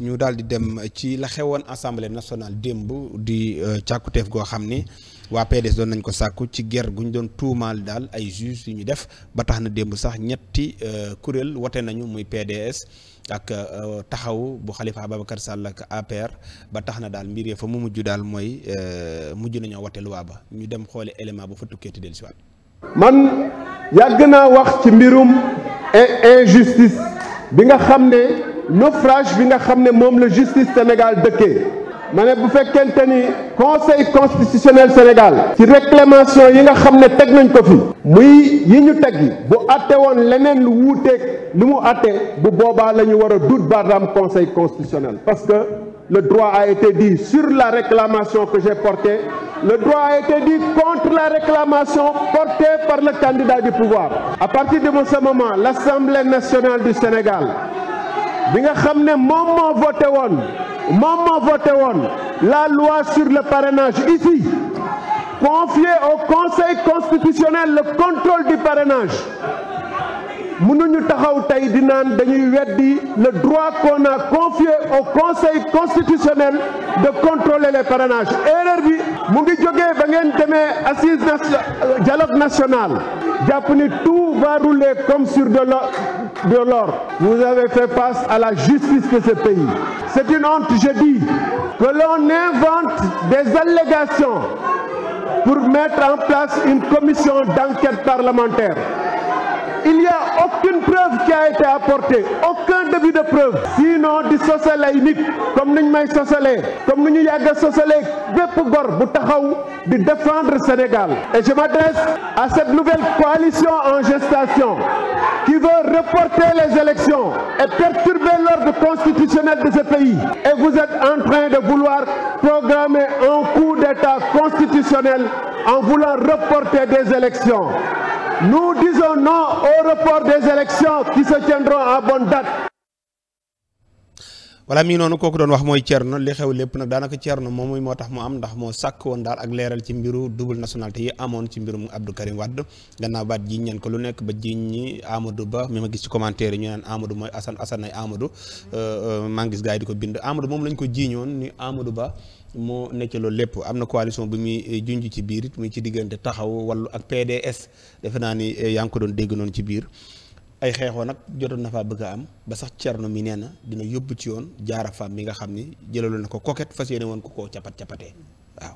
ñu daal di dem ci la xewoon assemblée nationale démb di euh, càkkuteef goo xam ni waa PDS doon nañ ko sàkku ci ger gu ñu doon tuumaal daal ay juge yu ñu def ba tax na démb sax ñetti euh, kuréel wote nañu muy PDS ak euh, taxaw bu Khalifa Ababacar Sall ak APR ba tax daal mbir yee fa mu mujj daal mooy mujj nañoo wote luwaa ba ñu dem xoole élément bu fa tukkee ti dellusiwaat man yàgg naa wax ci mbirum eh, injustice bi nga xam ne naufrage bi nga xam ne moom la justice Sénégal dëkkee ma ne bu fekkente ni conseil constitutionnel Sénégal ci réclamation yi nga xam ne teg nañ ko fi muy yi ñu teg yi bu àtte woon leneen lu wuuteeg li mu àtte bu boobaa la ñu war a duut baaraam conseil constitutionnel parce que le droit a été dit sur la réclamation que j'ai porté le droit a été dit contre la réclamation portée par le candidat du pouvoir à partir de ce moment l'Assemblée nationale du Sénégal bi nga xam ne moom moo voté woon moom moo voté woon la loi sur le parrainage ici confier au conseil constitutionnel le contrôle du parrainage mënuñu taxaw tey di naan dañuy weddi le droit qu'on a confié au conseil constitutionnel de contrôler les parrainages erreur bi mu ngi jógee ba ngeen demee assise dialogue national jàpp ni tout va rouler comme sur de l'eau de l'or. Vous avez fait face à la justice de ce pays. C'est une honte, je dis, que l'on invente des allégations pour mettre en place une commission d'enquête parlementaire. Il n'y a aucune preuve qui a été apportée, aucun début de preuve. Sinon di sosale ay nit comme ni ñu comme ni ñu yàgg a sosalee bépp gor bu taxaw di défendre Sénégal. Et je m'adresse à cette nouvelle coalition en gestation. qui veut reporter les élections et perturber l'ordre constitutionnel de ce pays. Et vous êtes en train de vouloir programmer un coup d'État constitutionnel en voulant reporter des élections. Nous disons non au report des élections qui se tiendront à bonne date. wala mii noonu kooku doon wax mooy Thierno li xew lépp nag daanaka Thierno moom moo tax mu am ndax moo sàkk woon daal ak leeral ci mbiru double nationalité yi amoon ci mbirum Abdou Karim Wade gannaaw baat jiñ ñeen ko lu nekk ba jiñ ñi amadu Ba mi ma gis ci commentaire yi ñu naan Amadou mooy Assane Assane euh, euh, di ko bind Amadou moom lañ ko jiiñoon ni Amadou Ba moo nekk loolu lépp am na coalition bi muy eh, junj ci biir it muy ci diggante taxaw wàllu ak PDS defe naa ni eh, yaa ngi ko doon dégg noonu ci biir ay xeexoo nag jotoon na faa bëgg am ba sax cerno mi nee na dina yóbbu ci yoon jaara faam mi nga xam ni jëlalu na ko koket fa yéene woon ko koo capat capatee waaw.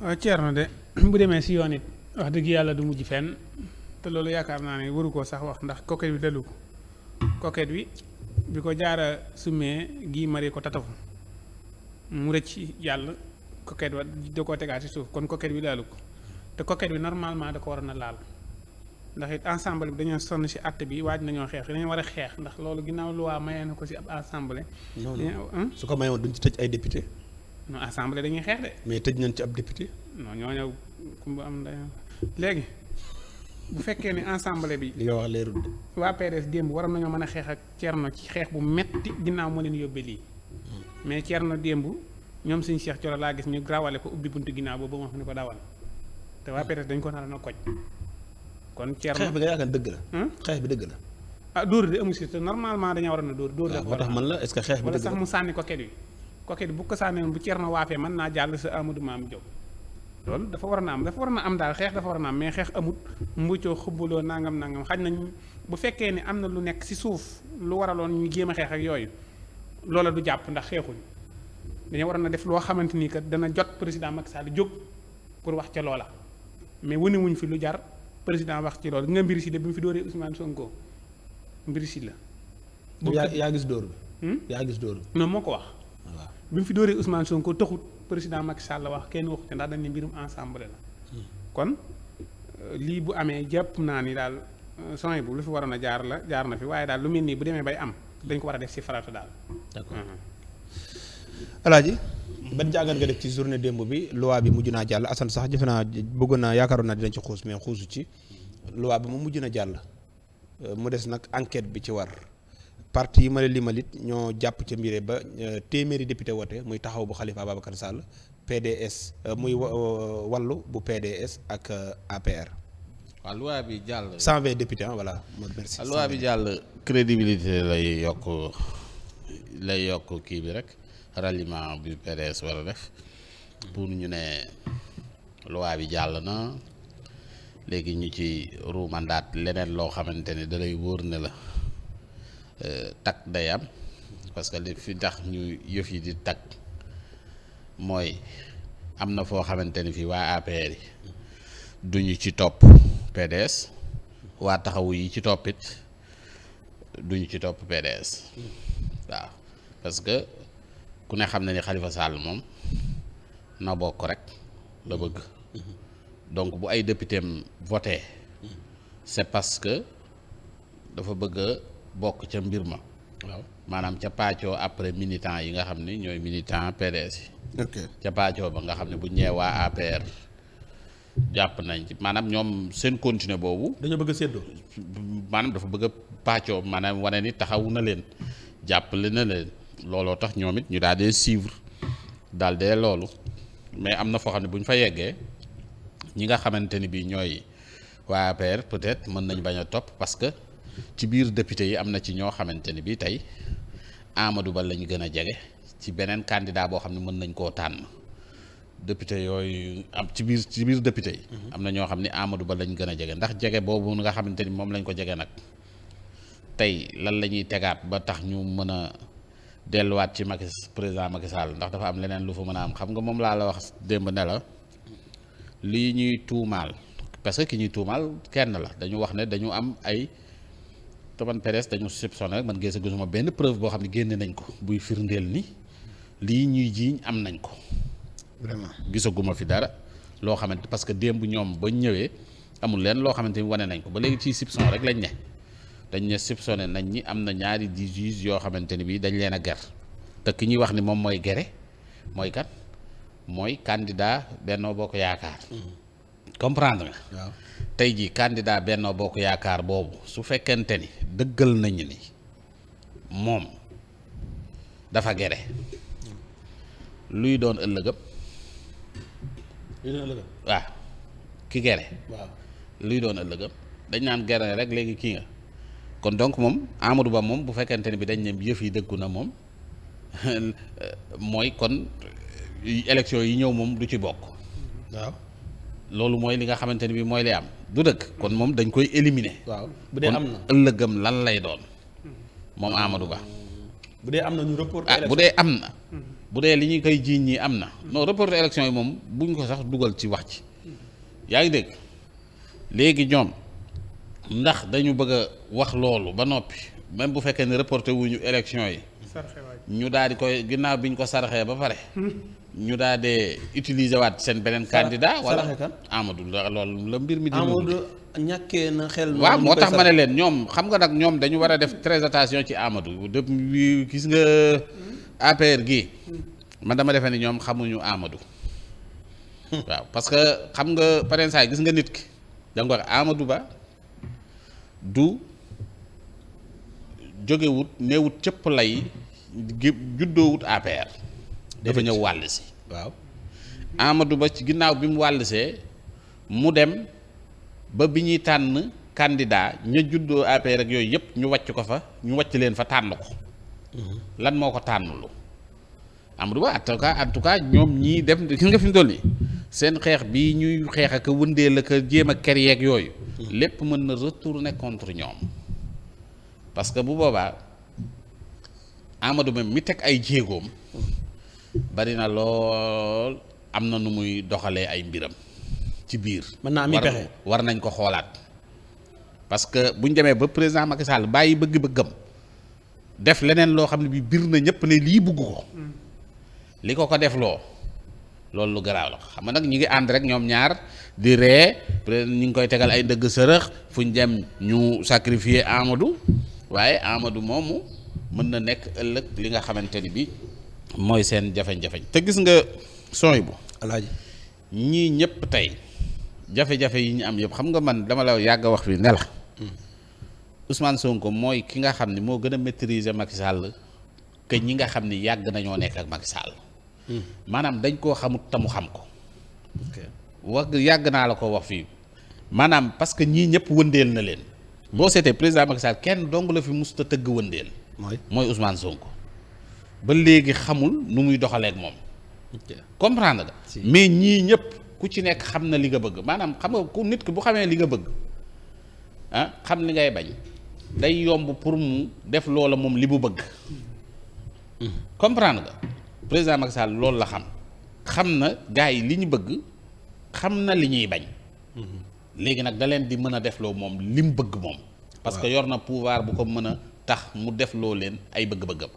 waaw cerno de bu demee si yoon it wax dëgg yàlla du mujj fenn te loolu yaakaar naa ni waru koo sax wax ndax koket bi dalu ko koket bi bi ko jaara summee gii mari ko tatafu mu rëcc yàlla koket wa da koo tegaat suuf kon koket bi dalu ko te koket bi normalement da ko waroon a laal. ndax it ensemble bi dañoo sonn si àtt bi waaj nañoo xeex dañoo war a xeex ndax loolu ginnaaw loi mayee na ko ci ab assemblée. non su ko mayoon duñ ci ay député. non dañuy xeex de. mais tëj nañ ci ab député. non ñooñu kumba am na léegi bu fekkee ne ensemble bi. li nga waa PDS démb waroon nañoo mën a xeex ak Thierno ci xeex bu metti ginnaaw moo leen yóbbee lii. Hmm. mais Thierno démb ñoom suñu Cheikh Thioro laa gis ñu rawale ko ubbi buntu ginnaaw boobu moo xam ne ko dawal te waa PDS dañ ko nar a koj kon Thierno xeex bi nga yaakaar dëgg la. Hmm? xeex bi dëgg la. ah dóor de amu si te normalement dañoo war na dóor. dóor dafa war a tax man la est-ce que xeex bi dëgg la wala bu ko sànni bu Thierno waafee mën naa jàll sa Amadou Mame Diop loolu dafa war na am dafa war a na am daal xeex dafa war na am mais xeex amut mbuccoo xubbaloo nangam nangam xaj nañ bu fekkee ne am na lu nekk si suuf lu waraloon ñu jéem a xeex ak yooyu loola du jàpp ndax xeexuñ dañoo waroon a def loo xamante ni kat dana jot président Macky Sall jóg pour wax ca loola mais wuñ fi lu jar président wax ci loolu nga mbir si de bi mu fi dóoree Ousmane Sonko mbir si la. yaa gis dóor bi. Hmm? yaa gis dóor bi. non moo ko wax. waaw bi mu fi dóoree Ousmane Sonko taxut président Macky Sall wax kenn waxu te ndax dañ ne mbirum ensemble la. Hmm. kon euh, lii bu amee jëpp naa ni daal euh, sony bu lu fi waroon a jaar la jaar na fi waaye daal lu mel nii bu demee bay am lañ ko war a def si farata daal. d'accord hmm. ban jàngat nga def ci journée démb bi loi bi mujj naa jàll Assane sax jëfe naa bëggoon naa yaakaaroon naa dinañ ci xuus mais xuusu ci loi bi mu mujj na jàll euh, mu des nag enquête bi ci war parti yi ma la limalit ñoo jàpp ca mbire ba euh, téeméeri député woote muy taxaw bu Khalifa Ababacar Sall PDS euh, muy wallu bu PDS ak APR. waaw bi jàll. 120 députés ah voilà. merci loi bi jàll crédibilité lay yokk lay yokk kii bi rek. ralliement bi PDS war a def pour ñu ne loi bi jàll na léegi ñu ci ru mandat leneen loo xamante ne da wóor ne la euh, takk day am parce que li fi tax ñu yëf yi di takk mooy am na foo xamante ni fii waa APR yi duñu ci topp PDS waa taxawu yi ci toppit duñu ci topp PDS waaw parce ku ne xam na ni Khalifa Sall moom na bokk rek la bëgg donc bu ay députéem voté c'est parce que dafa bëgg a bokk ca mbir ma. waaw maanaam ca pàccoo après militant yi nga xam ne ñooy militant PDS yi. ca pàccoo ba nga xam ne bu ñëwee waa APR. jàpp nañ ci maanaam ñoom seen continuer boobu. dañoo bëgg a séddoo. maanaam dafa bëgg a maanaam wane ni taxawu na leen jàppale na leen. looloo tax ñoom it ñu daal dee suivre daal dee loolu mais am na foo xam ne bu ñu fa yeggee ñi nga xamante ni bii ñooy waa APR peut-être mën nañ bañ a topp parce que ci biir député yi am na ci ñoo xamante ni bii tey Amadou Ba lañ gën a jege ci beneen candidat boo xam ne mën nañ koo tànn député yooyu am ci biir ci biir député mm-hmm. am na ñoo xam ne Amadou Ba lañ gën a jege ndax jege boobu nga xamante ni moom lañ ko jege nag tey lan lañuy tegaat ba tax ñu mën a. delluwaat ci Macky président Macky ndax dafa am leneen lu fa mën a am xam nga moom laa la wax démb ne la lii ñuy tuumaal parce que ki ñuy tuumaal kenn la dañu wax ne dañu am ay te man PDS dañu soupçonné rek man gëstu gisuma benn preuve boo xam ne génne nañ ko buy firndeel ni lii ñuy jiiñ am nañ ko. vraiment gisaguma fi dara loo xamante parce que démb ñoom ba ñëwee amul leen loo xamante ni wane nañ ko ba léegi ci soupçon rek lañ ne. dañ ne soupçonné nañ ñi am na ñaari di juge yoo xamante ni bii dañ leen a ger te ki ñuy wax ni moom mooy gere mooy kat mooy candidat Benno Bokk Yaakaar. Mm-hmm. comprendre nga. tey jii candidat Benno Bokk Yaakaar boobu su fekkente ni dëggal nañu ni moom dafa gere mm-hmm. luy doon ëllëgëm. luy ki gere. waaw luy doon ëllëgëm dañ naan gere rek léegi kii nga. kon donc moom Amadou Ba moom bu fekkente ne bi dañ ne yëf yi dëggu na moom mooy kon élection yi ñëw moom du ci bokk. waaw loolu mooy li nga xamante ne bi mooy lay am du dëkk kon moom dañ koy élimine waaw bu dee am na kon ëllëgam lan lay doon moom amadu Ba. bu dee am na ñu report ah, bu dee am hmm. bu dee li ñu koy jiiñ ñi am na. non report élection yi moom buñ ko sax dugal ci wax ci. yaa ngi dégg léegi ñoom. ndax dañu bëgg wax loolu ba noppi même bu fekkee ne reporté wuñu élection yi. ñu daal di koy ginnaaw bi ñu ko saraxee ba pare. ñu daal di utiliser waat seen beneen. candidat wala Amadou loolu la mbir mi. di Amadou ñàkkee na xel. waaw moo tax ma ne leen ñoom xam nga nag ñoom dañu war a def très attention ci Amadou depuis gis nga APR gi hmm. man dama defe ne ñoom xamuñu amadu hmm. waaw parce que xam nga par exemple gis nga nit ki da nga wax Amadou Ba. du jógewut neewut cëpp lay juddoowut APR dafa ñëw wàll si waaw Amadou Ba ci ginnaaw bi mu wàllsee mu dem ba bi ñuy tànn candidat ña juddoo APR ak yooyu yëpp ñu wàcc ko fa ñu wàcc leen fa tànn ko mm-hmm. lan moo ko tànnlu Amadou Ba en tout tout cas ñoom ñii dem gis nga fi mu toll nii seen xeex bi ñuy xeex ak wëndeel ak jéem ak kër yeeg yooyu lépp mën na retourner contre ñoom parce que bu boobaa Amadou Ba mu teg ay jéegoom bari na lool am na nu muy doxalee ay mbiram ci biir. mën naa ami pexe war nañ ko xoolaat parce que bu ñu demee ba président Macky bàyyi bëgg-bëggam def leneen loo xam ne bi biir na ñëpp ne lii bugg ko mm. li ko ko defloo loolu lu garaaw la xam nga nag ñu ngi ànd rek ñoom ñaar di ree peut ñu ngi koy tegal ay dëgg sërëx fu ñu dem ñu sacrifier Amadou waaye Amadou moomu mën na nekk ëllëg li nga xamante ni bi mooy seen jafe-jafe te gis nga sooy bu alaaji ñii ñëpp tey jafe-jafe yi ñu am yëpp xam nga man dama la yàgg a wax fii ne la hmm. Ousmane Sonko mooy ki nga xam ni moo gën a maîtriser Macky Sall ñi nga xam ni yàgg nañoo nekk ak Macky maanaam dañ koo xamut tamu xam ko wax yàgg naa la ko wax fii maanaam parce que ñii ñëpp wëndeel na leen boo seetee président Macky Sall kenn dong la fi musta tëgg wëndeel mooy Ousmane Sonko ba léegi xamul nu muy doxalee moom comprendre nga mais ñii ñëpp ku ci nekk xam na li nga bëgg maanaam xam nga ku nit ki bu xamee li nga bëgg ah xam li ngay bañ day yomb pour mu def loola moom li mu bëgg hmm. comprend ga président Macky Sall loolu la xam xam na gars yi li ñu bëgg xam na li ñuy bañ. léegi nag da leen di mën a defloo moom li mu bëgg moom. parce que yor na pouvaar bu ko mën a tax mu def loo leen ay bëgg-bëggam.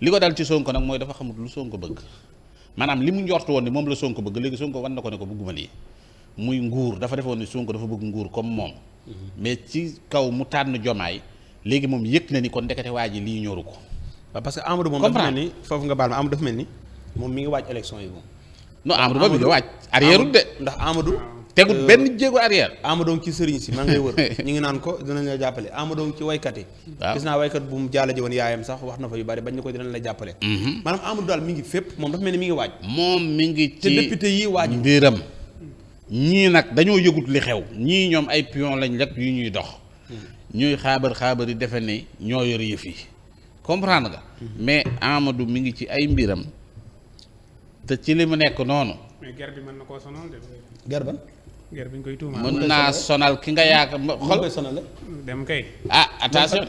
li ko dal ci sonk nag mooy dafa xamut lu sonk bëgg maanaam li mu njort woon ni moom la sonk bëgg léegi Sonko wan na ko ne ko bëgguma lii muy nguur dafa defoon ni sonk dafa bëgg nguur comme moom. Mhm. mais ci kaw mu tànn jomaay léegi moom yëg na ni kon ndekete waa ji lii ñoru ko. parce que Amadou moom dafa mel ni foofu nga baal ma Amadou dafa mel ni moom mi ngi waaj élection yi moom. non Amadou ba mi ngi waaj. arrière de ndax Amadou. tegut euh, benn jéego arrière. Amadou ci sëriñ si maa ngay wër ñu ngi naan ko dinañ la jàppale Amadou ci waykat yi. waaw gis naa waykat bu mu jaala woon yaayam sax wax na fa yu bari bañ na ko dinañ la jàppale. Mhm. maanaam Amadou daal mi ngi fépp moom dafa mel ni mi ngi waaj. moom mi ngi ci député yi waaj mbiram ñii nag dañoo yëgut li xew ñii ñoom ay pion lañ rek yu ñuy dox hmm. ñuy xaabar xaabar yi defe ne ñoo yor yëf yi comprendre nga. mais Amadou mi ngi ci ay mbiram te ci li mu nekk noonu. mais guerre bi mën na koo sonal de. guerre ban. guerre koy tuumaal mën naa sonal ki nga yaakaar ma xool koy sonal dem kay. ah attention.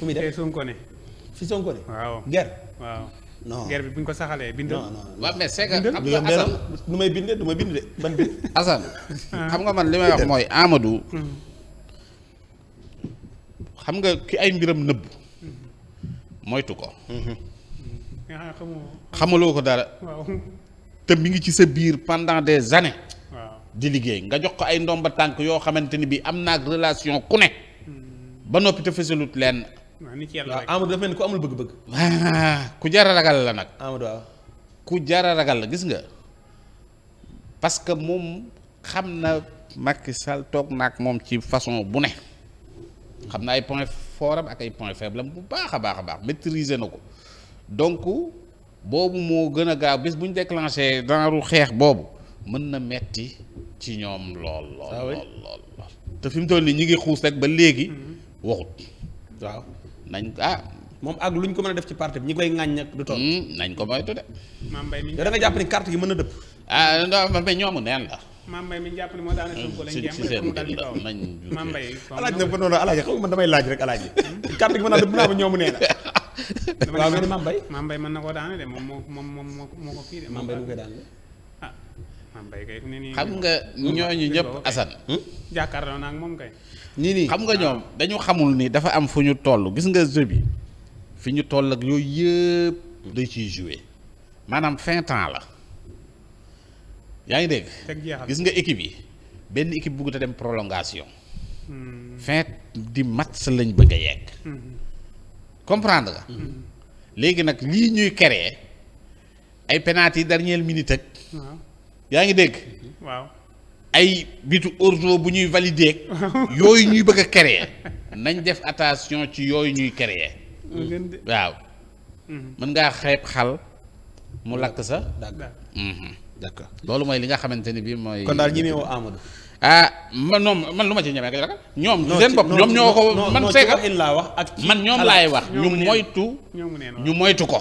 fu muy def Sonko bi bu ñu ko saxalee bindal. non mais c'est xam nga bind de ban xam nga man li may wax mooy Amadou. xam nga ki ay mbiram nëbb. moytu ko. Mm-hmm. xamaloo ko dara. te mu ngi ci sa biir pendant des années. di liggéey nga jox ko ay ndomba tànk yoo xamante ni bii am naa relation ku ne. Mm-hmm. ba noppi te fësalut lenn. waaw Amadou amul bëgg-bëgg. Ah, ku jara a ragal la nag. Amadou ku jara a ragal la gis nga parce que moom xam na Macky saltoog toog naag moom ci façon bu ne xam na ay point fort ak ay point faible la bu baax a baax a baax maîtriser na ko donc boobu moo gën a gaaw bis bu ñu déclenché denru xeex boobu mën na metti ci ñoom lool lool ah lool lool te fi mu toll nii ñu ngi xuus rek ba léegi mm-hmm. waxut waaw nañ ah moom ak lu ñu ko mën a def ci parti bi ñu koy ŋàññ ak du toll mm-hmm. nañ ko moytu de da nga jàpp ni carte gi mën na dëpp ah non mais ñoomu neen la maam mi jàpp ne moo daanaka Sonko lañ jéem rek mu dal ci kawam alaaj nag ba noonu alaaj xam nga laaj rek alaaj yi hmm? kàddu gi mën naa dëpp naa ba na. waaw nga ne maam moom moom moo moo ko kii de. maam Mbaye lu koy ah, ne nii. xam nga ñooñu ñëpp Assane. Hmm? jàkkaarloo naa moom kay. nii nii xam nga ñoom dañu xamul nii dafa am fu ñu toll gis nga jeu bi fi ñu toll ak yooyu yëpp day ciy jouer maanaam fin temps la yaa ngi dégg gis nga équipe yi benn équipe bëggut a dem prolongation hmm. fin di match lañ bëgg a yegg hmm. comprendre nga hmm. léegi nag lii ñuy créer ay penalty yi dernière minute yaa ngi dégg waaw ay bitu ordo bu ñuy valider yooyu ñuy bëgg a créer nañ def attention ci yooyu ñuy créer waaw mën ngaa xeeb xal mu lakk sa dagg d'accord loolu mooy li nga xamante ni bii mooy. kon daal ñemewoo Amadou. ah man ñoom man lu ma ci ñemee rek ñoom. non seen bopp ñoom ñoo ko man. seegal laa wax ak man ñoom laay wax. ñu moytu ñu moytu ko.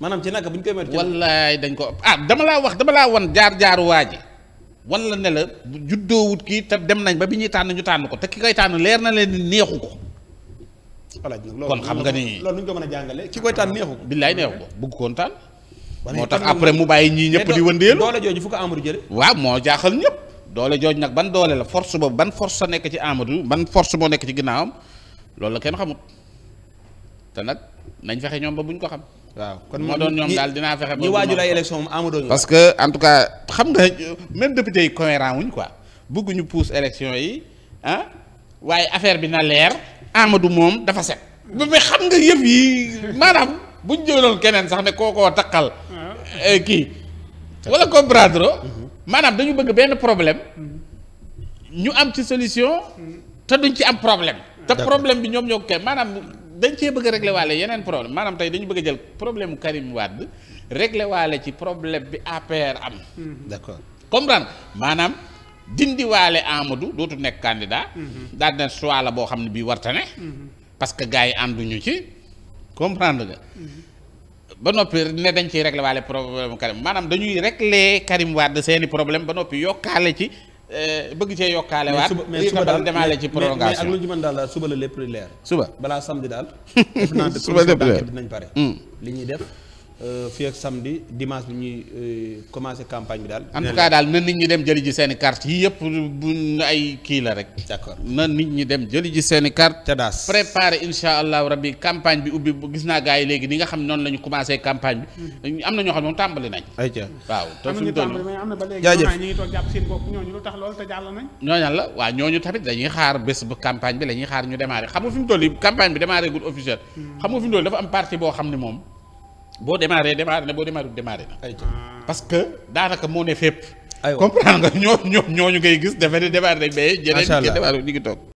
maanaam ci naka bu ñu koy moytu. wallaay dañ ko ah dama laa wax dama laa wan jaar jaaru waa ji wala ne la juddoowut kii te dem nañ ba bi ñu tànn ñu tànn ko te ki koy tànn leer na leen ni neexu ko. kon xam nga ni loolu ñu ko mën a jàngale ki koy tànn neexu ko. billaay neexu ko bëgg koon tànn moo tax après mu bàyyi ñii ñëpp di wëndeelu doole jooju fu ko Amadou waaw moo jaaxal ñëpp doole jooju nag ban doole la force boobu ban force sa nekk ci Amadou ban force moo nekk ci ginnaawam loolu la kenn xamut te nag nañ fexe ñoom ba buñ ko xam waaw kon moo doon ñoom daal dinaa fexe ba ñi waaju lay élection moom Amadou parce en tout cas xam nga même député yi cohérent wuñ quoi bëgguñu pousse élection yi ah waaye affaire bi na leer Amadou moom dafa set mais xam nga yëf yi maanaam buñ jëloon keneen sax ne koo kookoo takkal Euh, kii wala comprendre mhm. maanaam dañu bëgg benn problème mhm. ñu am ci solution mhm. te duñ ci am problème te problème bi ñoom ñoom ko maanaam dañ cee bëgg a régler yeneen problème maanaam tey dañu bëgg a jël problème mu Karim Wade régler waale ci problème bi APR am d'accord comprendre maanaam dindi waale Amadou dootu nekk candidat daal na boo xam ne bii warta ne parce que gars yi duñu ci comprendre nga ba noppi ne dañ ciy réglé waale problème Karim maanaam dañuy réglé Karim Wade seeni problème ba noppi yokkaale ci euh, bëgg cee yokkaale waat mais suba daal demaale ci prolongation mais ak lu ñu mën daal suba la lépp leer. suba balaa samedi daal. suba lépp leer dinañ pare. Hmm. li ñuy def. Euh, fii ak samedi dimanche bi ñuy euh, commencer campagne bi daal. en tout daal na nit ñi dem jëli ji seen i carte yii yëpp bu ay kii la rek. d'accord na nit ñi dem jëli ji seen i carte te daas préparer allahu rabbi campagne bi ubbi gis naa gars léegi ni nga xam noonu la commencer campagne bi. Mm-hmm. am na ñoo xam ne moom tàmbali nañ. ayca waaw te suñu ñu tamit dañuy xaar bés bu campagne bi la xaar ñu démarrer xam nga fi campagne bi démarrer gul officiel. Mm-hmm. boo démarré démarré na boo démarré démarré na. parce que daanaka moo ne fépp. comprendre nga ñoo ñoo ñooñu ngay gis dafa ne démarré mais. macha allah yeneen ñi ngi toog.